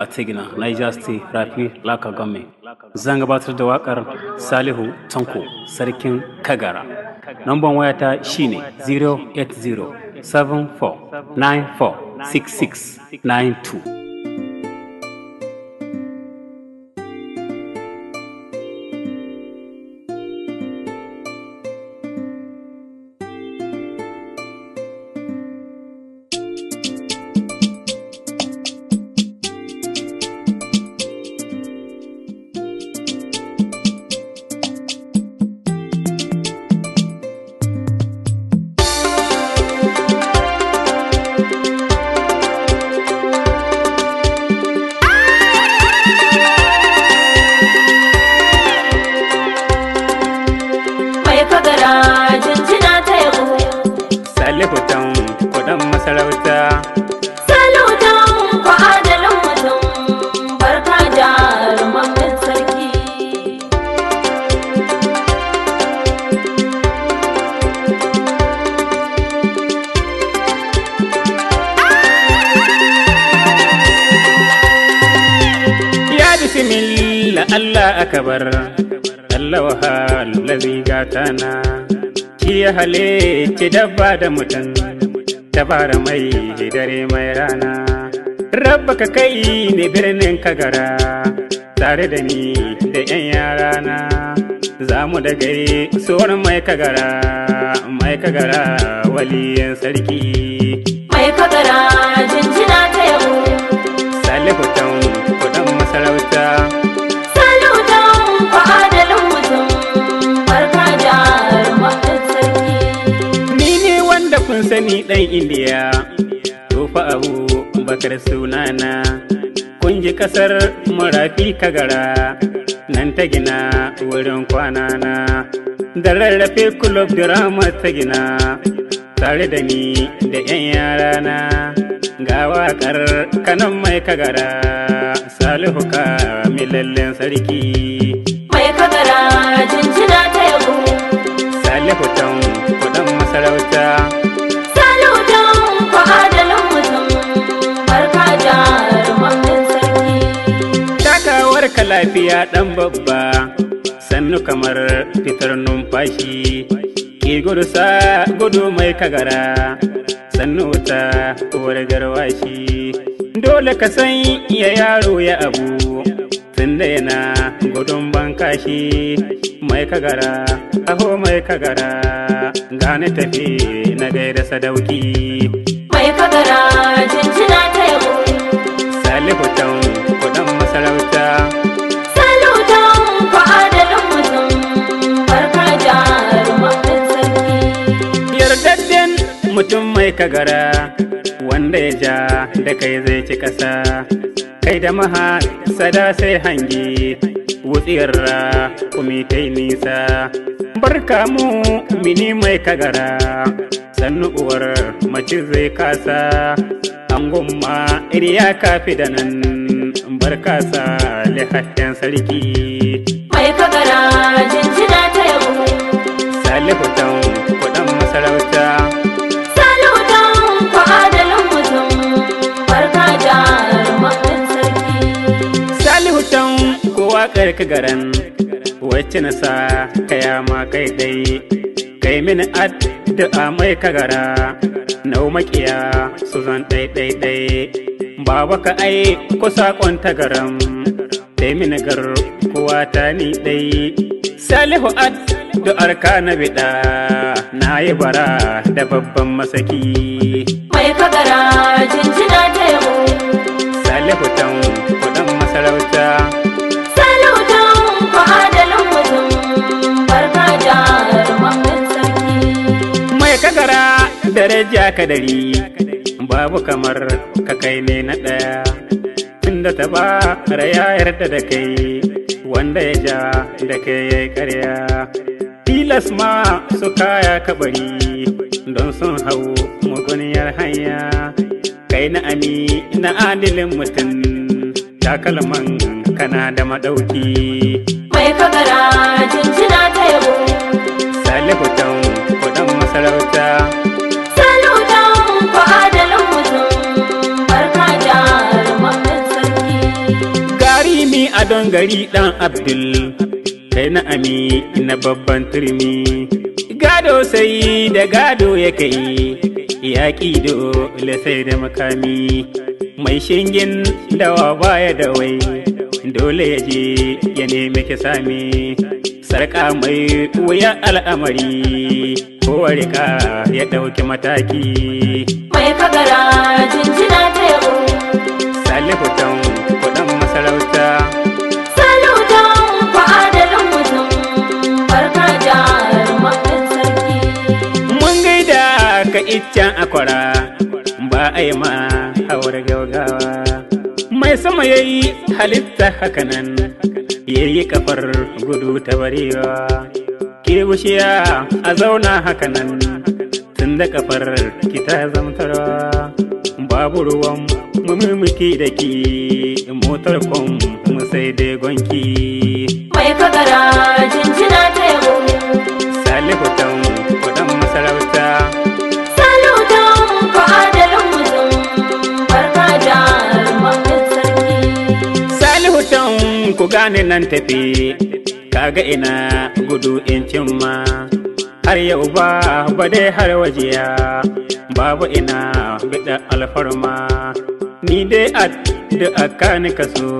a tigina Niger State, Rafi, Laka Gome. Zan gabatar da wakar Salihu Tanko, Sarkin Kagara. waya wayata shine 080 74 94 6692. sarauta sarauta mun ku adalin mutum barka da rumamin sarki ya bismillah Allah akabar Allah wahal lazi gatana shi ya halitta dabba da mutum bara mai dare mai rana rabba ka kai ne birnin kagara tare da ni da 'yan yarana za mu da gare tsohon mai kagara mai kagara waliyan sarki mai kagara jinjina ta yau salihu sani ɗan indiya tofa abu bakar sunana kun ji ƙasar marafi kagara nan ta gina wurin kwanana da rarrafe kulob drama ta gina tare da ni da 'yan yarana ga waƙar kanan mai kagara salihu ka milallen sarki mai kagara jinjina ta yabo salihu tan kuɗin masarauta lafiya ɗan babba sannu kamar fitar numfashi ki gudu gudu mai kagara sannu ta uwar garwashi dole ka san ya yaro ya abu tunda yana gudun bankashi mai kagara aho mai kagara gane tafi na gaida sadauki mai kagara jinjina ta yabo mutum mai kagara wanda ya ja da kai zai ci ƙasa kai da maha sada sai hangi ra kumi ta nisa Bar kamu mini mai kagara sannu uwar mace zai kasa an gumma iriya kafi da nan barka sa lihaffen sarki mai kagara waƙar ka garan wacce na sa ka ma kai dai kai mini addu'a mai kagara na makiya su zan ɗai ɗai ɗai baba ka ai ko saƙon garan dai mini gar kuwa ta ni ɗai salihu addu'ar ka na biɗa na yi bara da babban masaki mai kagara jinjina ta yau salihu tan daraja ka dari babu kamar ka kai ne na ɗaya inda ta ba raya yarda da kai wanda ya ja da kai ya yi karya tilas ma su kaya kabari don sun hau muguniyar hanya kai na ami na adilin mutum takalman kana da maɗauki mai kabara jinjina ta yabo salihu tan kudan masarauta ni a don gari ɗan Abdul, kai na ami na babban turmi. Gado sai da gado ya kai, yaƙi dole sai da makami. Mai shingin dawa baya da wai, dole ya je ya nemi ki sami. Sarka mai wuyan al'amari, ko warika ya ɗauki mataki. Mai kagara jinjina ta yabo. Salihu iccen akwara ba a yi ma hawar gaugawa mai sama ya yi halitta hakanan ya yi kafar gudu ta barewa kirgushiya a zauna hakanan tun da kafar kita zamtarwa babu ruwan mummuki da ki motar kwan mu da gonki mai kadara ku gane nan tafi kaga ina gudu in cimma har yau ba ba dai har wajiya babu ina gida alfarma ni dai addu'a ka ni kaso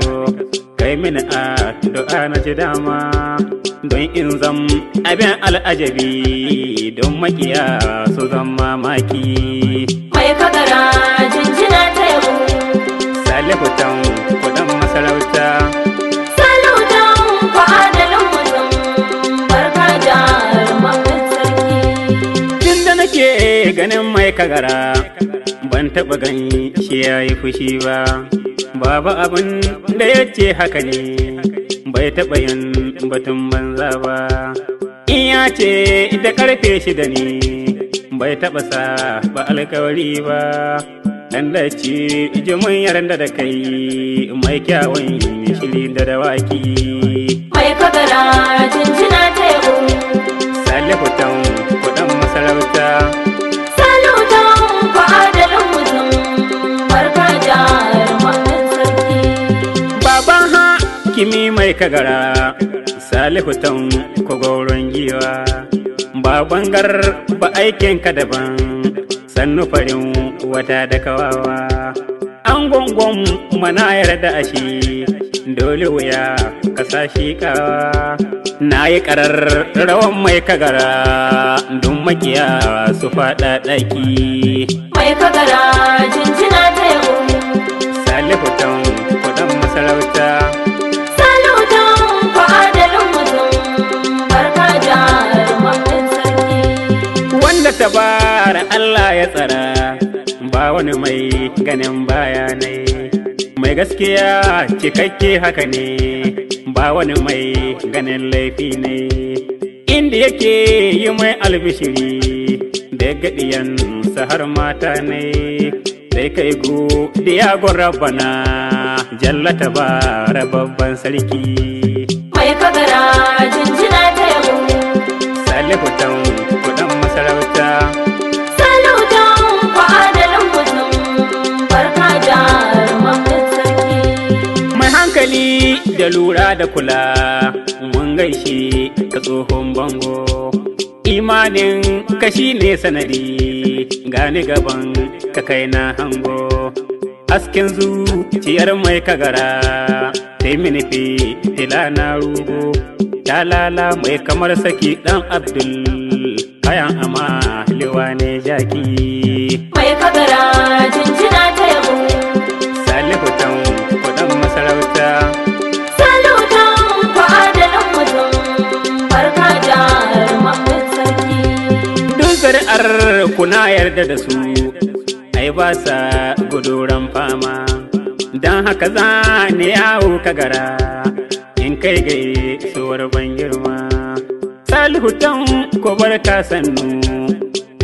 kai mini a addu'a na ji dama don in zam abin al'ajabi don makiya su zan mamaki mai kadara jinjina ta yau salihu tan kudan masarauta ganin mai kagara ban taɓa gani shi ya yi fushi ba babu abin da ya ce haka ne bai taɓa yin batun banza ba in ya ce da karfe shida ne bai taɓa sa ba alkawari ba dan da ci jimin da da kai mai kyawun shiri da dawaki mai kagara jinjina ta sai ka gara salihu kogoron giwa ba bangar ba aikin ka daban sannu farin wata da kawawa an gongon mana yarda a shi dole wuya ka shi kawa na yi karar rawan mai kagara don makiya su faɗa ɗaki mai kagara jinjina ta yau salihu bara Allah ya tsara ba wani mai ganin baya ne mai gaskiya cikakke haka ne ba wani mai ganin laifi ne inda yake yi mai albishiri da gaɗiyansa har mata ne sai kai go diyagon rabana jallata ba babban sarki mai kabara jinjina ta yabo salihu kudan masarauta da lura da kula mun gaishe ka tsohon bango imanin kashi ne sanadi gani gaban ka kai na hango askin ciyar mai kagara yi minifi tila na rugo talala mai kamar saki dan abdul kayan ama liwa ne jaki mai kagara jinjina ta kar kuna yarda da su, ai ba sa guduran fama. Don haka za ni yawo gara in kai ga suwar ban girma. Salihutan ko barka sannu,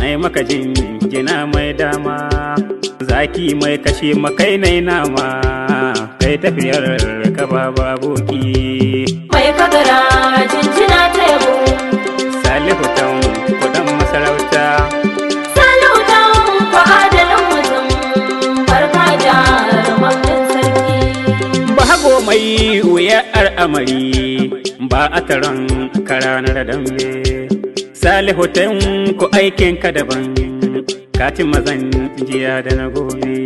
ai maka maka jinjina mai dama. Zaki mai kashe makai na nama, kai tafiyar ka ba boki Mai akwai wuyar amari ba a taron ranar dambe salihu ku aikin ka daban ka katin mazan jiya da na gobe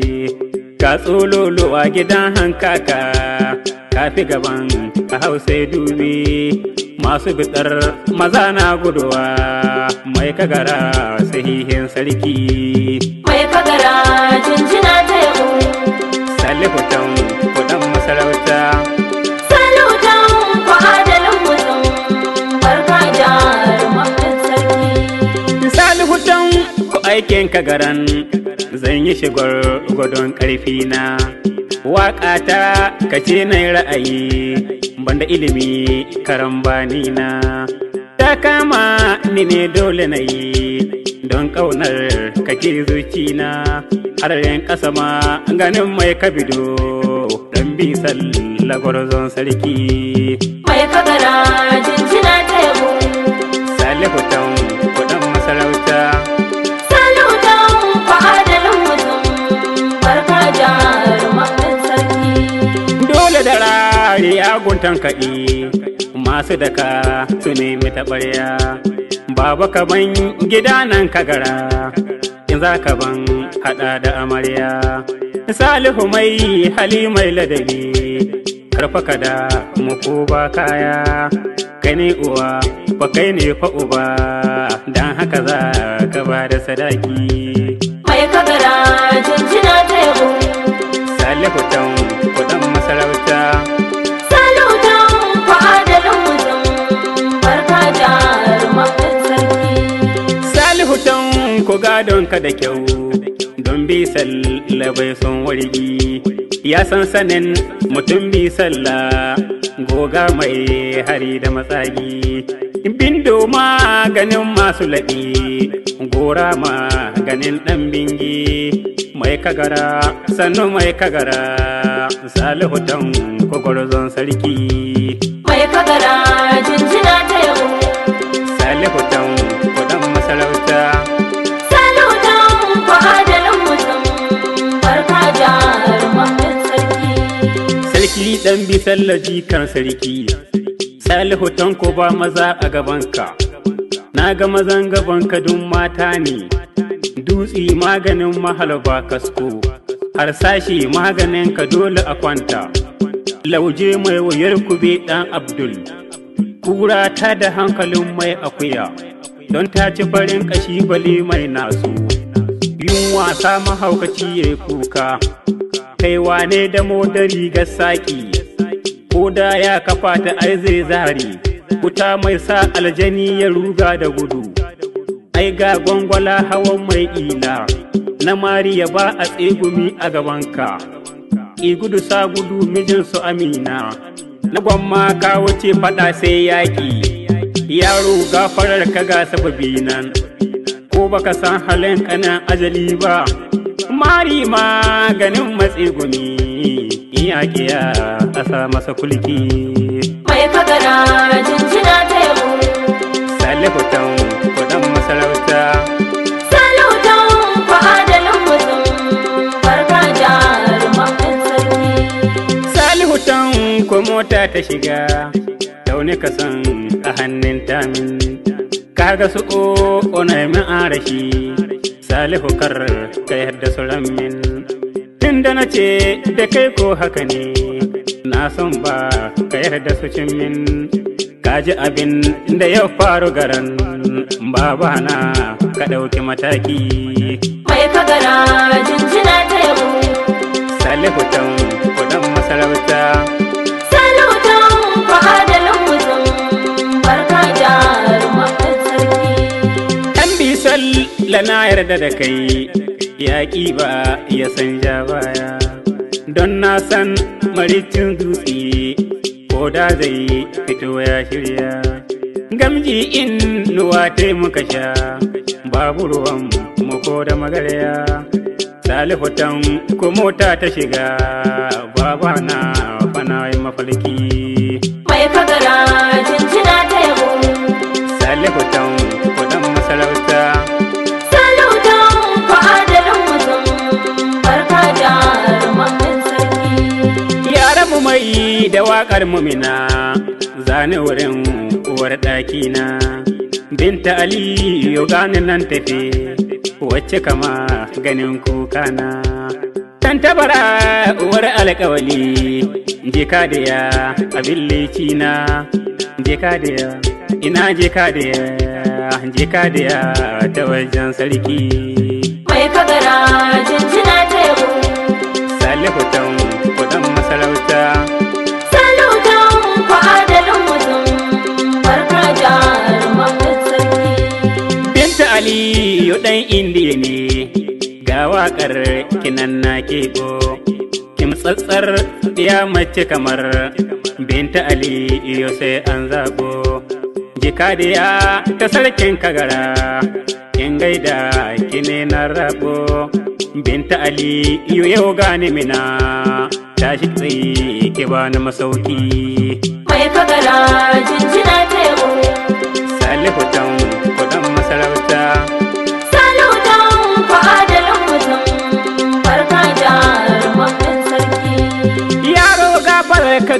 ka a gidan hankaka ka fi gaban a hausa dubi masu bitar maza na guduwa mai kagara sahihin sarki mai kagara jinjina ta yabo salihu ɗan masarauta. ku aikin ka garan, zan yi shigar gudun ƙarfi na. Waƙa ta kace na ra'ayi, ban da ilimi karambani na. Ta kama ni ne dole na yi, don ƙaunar kake zuci na. Hararen ƙasa ma ganin mai kabido. bisalla gwarzon sarki. Mai kadara jinjina ta Salihu tan kuɗin masarauta. Salihu tan ku adalin mutum, barka jarumin sarki. Dole da rari guntan kaɗi, masu daka su nemi taɓarya. Baba ka ban gida nan kagara, in za ka ban haɗa da amarya. Salihu mai hali mai ladabi, karfaka da muku ba kaya, kai ne uwa, ba kai ne fa uba, don haka za ka ba da sadaki. Mai kagara jinjina ta yabo. Salihu tan kudan masarauta. Salihu tan fa'adalin mutum, barka jarumar sarki. Salihu tan ku gadon ka da kyau. bi salla bai son wargi ya san sanin mutum bi salla goga mai hari da matsagi bindo ganin masu laɗi gora ganin ɗan bingi mai kagara sannu mai kagara salihu don kwakwarzon sarki mai kagara jinjina ta yau salihu don Sarki bi bisallaji kan sarki, Salihu tanko ba maza a gabanka, na ga mazan gabanka dun mata ne, dutse maganin mahalba kasko, harsashi maganin ka dole a kwanta, lauje mai wayar kube ɗan Abdul, kura ta da hankalin mai akuya, don ta ci farin kashi bale mai nasu, yunwa sa mahaukaci ya kuka. kai wane da modari ga saki. ko da ya kafa ta arzai zahari kuta mai sa aljani ya ruga da gudu ai ga gwangwala hawan mai ila na mari ya ba a tsegumi a gabanka ki gudu sa gudu mijinsu amina na gwamma ka wuce faɗa sai yaƙi yaro gafarar ka ga sababi nan ko baka san halin kanan ajali ba mari maganin matsi gumi iya kiya a sa masa kulki mai fagara jinjina ta yabo salihutan kudan masarauta salihutan ko adalin mutum barka jarumakan sarki salihutan ko mota ta shiga daune ka san a hannun tamin har su o min arashi salihu kar ka yarda su ramin tun da na ce da kai ko haka ne na son ba ka yarda su cin min kaji abin da ya faru garan babana ka ɗauki mataki mai kagara jinjina ta yabo salihu tan kudan masarauta da na yarda da kai yaƙi ba ya san ja baya don na san maricin dutse ko da zai fito ya shirya gamji in nuwa ta muka sha babu ruwan muko da magarya salifutan ko mota ta shiga babana fana yi mafalki da waƙar mumina zane wurin uwar ɗakina binta yau gani nan tafi wacce kama ganin na tan tabara uwar alƙawali ka da ya abin je ka da ya ina ka da ya ka da ya ta wajen sarki mai kagara jinjina teku salihu tan indi ne ga waƙar kinan na keɓo kimtsatsar ya mace kamar binta ali iyo sai an zaɓo jikadiya ta sarkin kagara in gaida kine na rabo binta ali iyo yau gane mina shi tsaye ke bani masauki mai kagara jinjina ta yau salihu tan kudan masarauta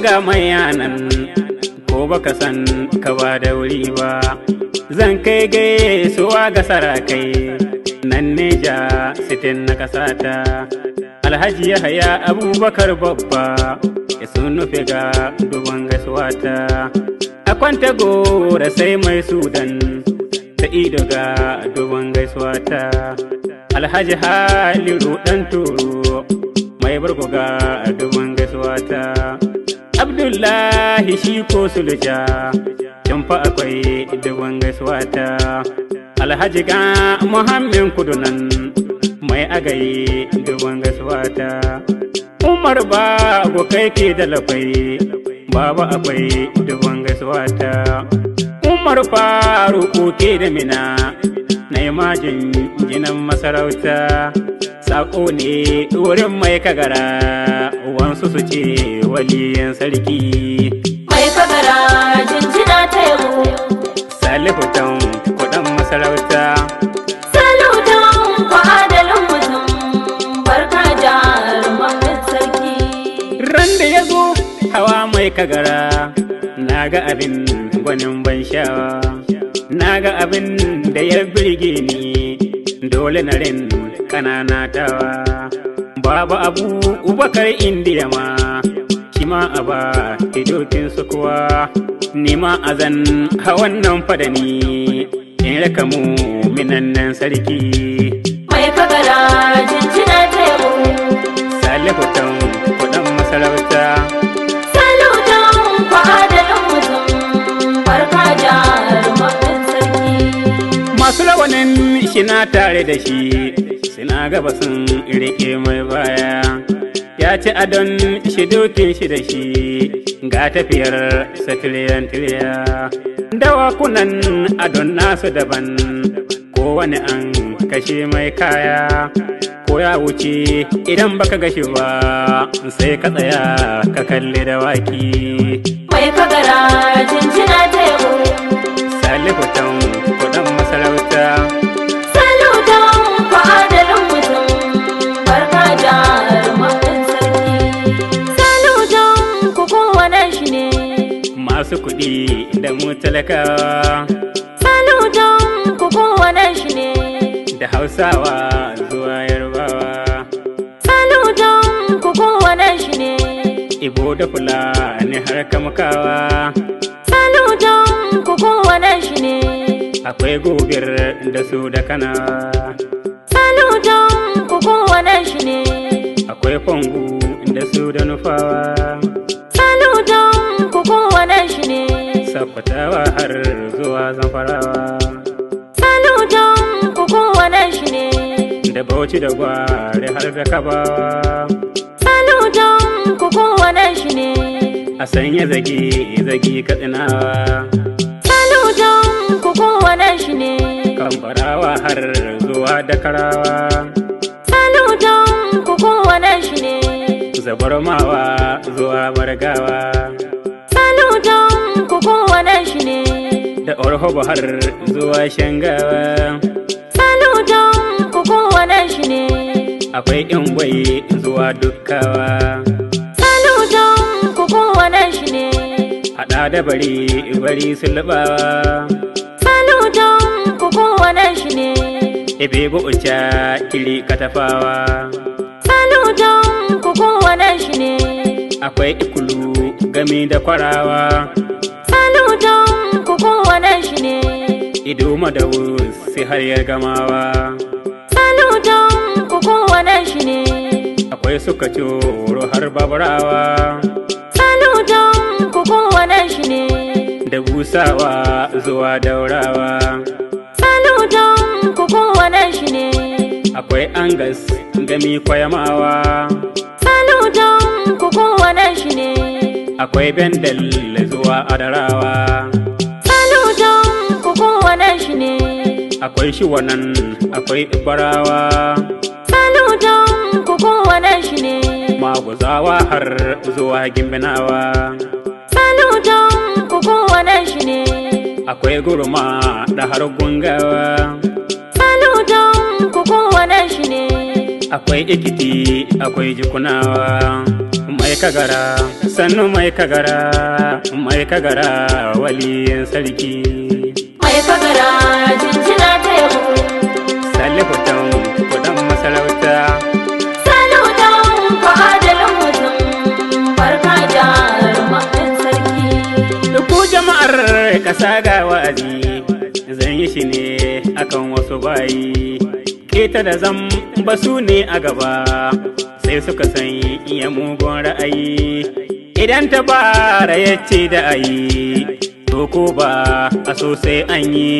ga mayanan ko baka san ka ba da wuri ba zan kai gaye suwa ga sarakai nan ne ja sitin na kasata alhaji yahaya abubakar babba ya sun nufi ga duban gaisuwa ta a kwanta gora sai mai sudan ta ido ga duban gaisuwa ta alhaji haliru dan turo mai barko ga duban gaisuwa ta Abdullahi shi ko sulja, can fa akwai idan gaisuwa ta. Alhaji ga Muhammin kudunan mai agaye idan gaisuwa ta. Umar ba go kai ke da lafai, akwai idan gaisuwa ta. Umar faru ke da mina, na imajin jinan masarauta. Sako ne wurin mai kagara. wansu su ce waliyan sarki mai kagara jinjina ta Salihu don kuɗin masarauta salihutan ku adalin mutum barka jaruman sarki ran da ya zo hawa mai kagara na ga abin gwanin ban shawa na ga abin da ya birge ni dole na rin ƙanana tawa Baba Abu Ubakar Indiya ma, kima a ba idokin su kuwa, nima a zan hawan nan fadani, in raka mu minan nan sarki. Mai kagara jinjina ta yabo. Salihu ta kudan masarauta. Salihu sarki. Masu rawanin shi na tare da shi, gaba sun rike mai baya ya ci adon shi dokin shi da shi ga tafiyar sa tiliyan tiliya dawakunan adon nasu daban kowane an kashe mai kaya ko ya wuce idan baka gashi ba sai ka tsaya ka kalli da waki mai kagara jinjina ta yabo kudin masarauta masu kuɗi da mu talakawa. don ku shi ne. Da Hausawa zuwa Yarbawa. don ku shi ne. Ibo da Fulani har kamkawa. don ku shi ne. Akwai gobir da su da kanawa. don ku shi ne. Akwai fangu da su da nufawa. Fatan ku shi ne. Sakwatawa har zuwa zamfarawa. Salutan ku kowane shi ne. Da bauchi da gwari har da kabawa. Salutan ku kowane shi ne. A sanya zagi zagi katsinawa. Salutan ku kowane shi ne. Kamfarawa har zuwa dakarawa karawa. ku kowane shi ne. Da zabarmawa zuwa margawa. don ku kowane shi ne. Da orho har zuwa shangawa. don ku kowane shi ne. Akwai ɗin gwai zuwa dukkawa. don ku kowane shi ne. Haɗa da bari bari sulɓawa. don ku kowane shi ne. Ebe bu'uca kiri katafawa. akwai ikulu gami da kwarawa. don ku kowane shi ne. Ido da sai har ya gamawa. don ku kowane shi ne. Akwai suka coro har babarawa. don kowane shi ne. Da busawa zuwa daurawa. don ku kowane shi ne. Akwai angas gami kwayamawa. Saludun don kowane akwai bendel zuwa adarawa. Salutan ku kowane shi ne. Akwai shi wannan akwai barawa. Salutan ku kowane shi ne. Maguzawa har zuwa gimbinawa. Salutan ku kowane shi ne. Akwai guruma da har gungawa. Salutan ku kowane shi ne. Akwai ikiti akwai jikunawa. mai kagara sannu mai kagara mai kagara waliyan sarki mai kagara jinjina ta yabo salihu dan kudan masarauta salihu dan ko adalin mutum barka da rumaɗin sarki duk jama'ar kasa ga wa'azi zan yi shi ne akan wasu bayi ita da zam ba su ne a gaba sai suka san iya mugun ra'ayi idan ta bara ya ce da ayi to ko ba a sosai an yi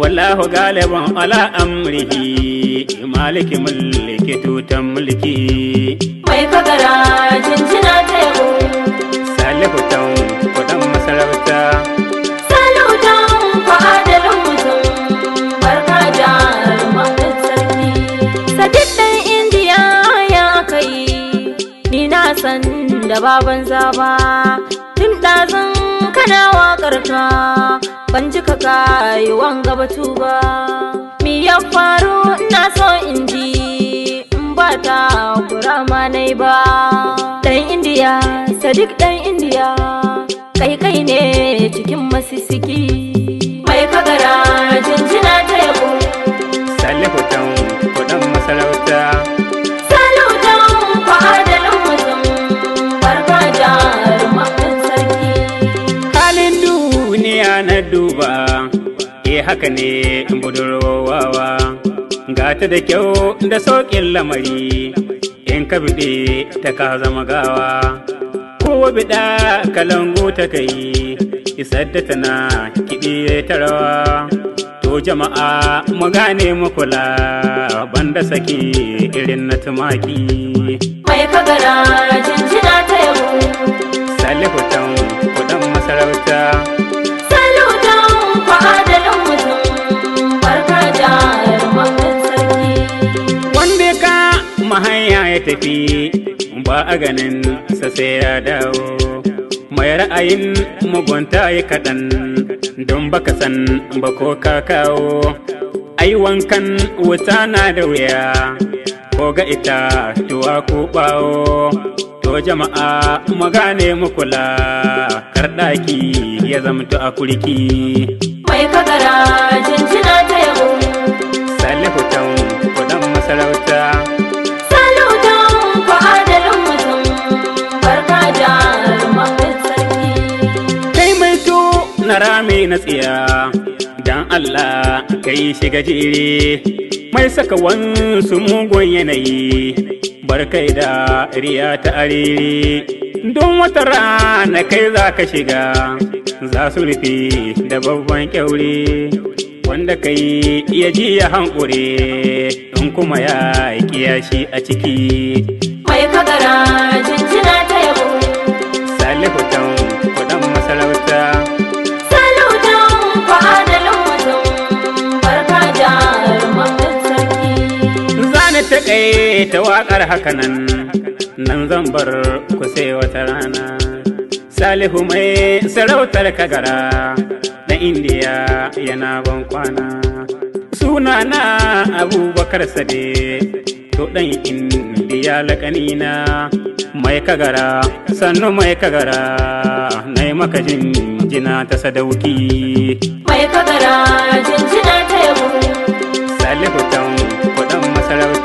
wallahu galiban ala amrihi maliki mulki tutan mulki mai fagara jinjina ta yabo san da baban zaba tun ɗazun kana waƙar ka ban ji ka kayi wanga batu ba mi ya faru ina so in ji in ba ta kurama ma ba ɗan indiya sadik ɗan indiya kai kai ne cikin masisiki mai kagara jin haka ne budurwawa ga da kyau da saukin lamari in ka biɗe ta ka zama gawa kowa biɗa kalangu ta kai isar da tana kiɗi ta rawa to jama'a mu gane mu kula banda saki irin na tumaki mai kagara jinjina ta yau salihu tan kuɗin masarauta kama ya tafi ba a ganin sa sai ya dawo mai ra'ayin mugunta ya kaɗan don baka san ba ko ka kawo ai wankan wuta na da wuya ko ga ita tuwa ko ɓawo to jama'a mu gane mu kula karɗaki ya zamto a kurki mai kagara jinjina tona mai na tsiya don Allah yi shiga jere mai saka wansu mugun yanayi barkai da riya ta arere don wata rana kai za ka shiga za su rufe da babban kyaure wanda kai iya ji ya hankure in kuma ya kiyashi a ciki kai ta waƙar hakanan nan zan bar ku sai wata rana salihu mai sarautar kagara na indiya yana ban kwana sunana abubakar sade to ɗan indiya laƙanina mai kagara sannu mai kagara na yi maka jinjina ta sadauki mai kagara jinjina ta yabo salihu tan kuɗin masarauta